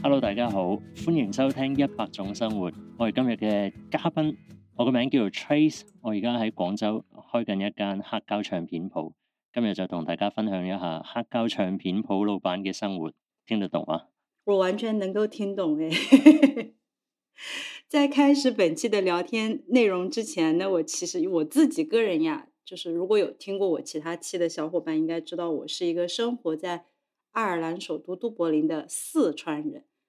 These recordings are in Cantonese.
Hello，大家好，歡迎收聽一百種生活。我係今日嘅嘉賓，我個名叫做 Trace，我而家喺廣州開緊一間黑膠唱片鋪。今日就同大家分享一下黑膠唱片鋪老闆嘅生活，聽得懂嗎？我完全能夠聽懂嘅。 在開始本期的聊天內容之前呢，呢我其實我自己個人呀，就是如果有聽過我其他期的小伙伴，應該知道我是一個生活在愛爾蘭首都都柏林的四川人。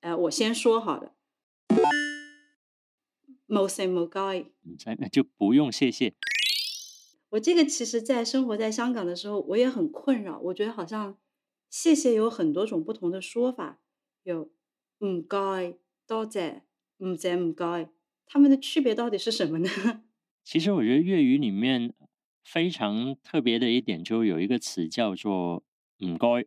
哎、呃，我先說好了，唔、嗯嗯、就不用謝謝。我這個其實，在生活在香港的時候，我也很困擾。我覺得好像謝謝有很多種不同的說法，有唔該、多謝、謝、唔在唔該，他們的區別到底是什麼呢？其實我覺得粵語裏面非常特別的一點，就有一個詞叫做唔該。.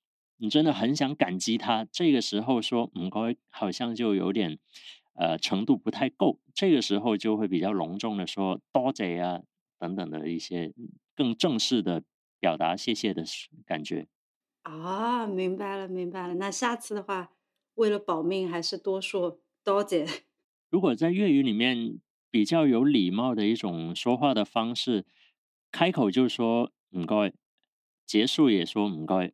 你真的很想感激他，這個時候說“唔該”，好像就有點，呃，程度不太夠。這個時候就會比較隆重的說“多謝啊”啊等等的一些更正式的表達謝謝的感覺。啊，明白了，明白了。那下次的話，為了保命，還是多說“多謝”。如果在粵語裏面比較有禮貌的一種說話的方式，開口就說“唔該”，結束也說“唔該”。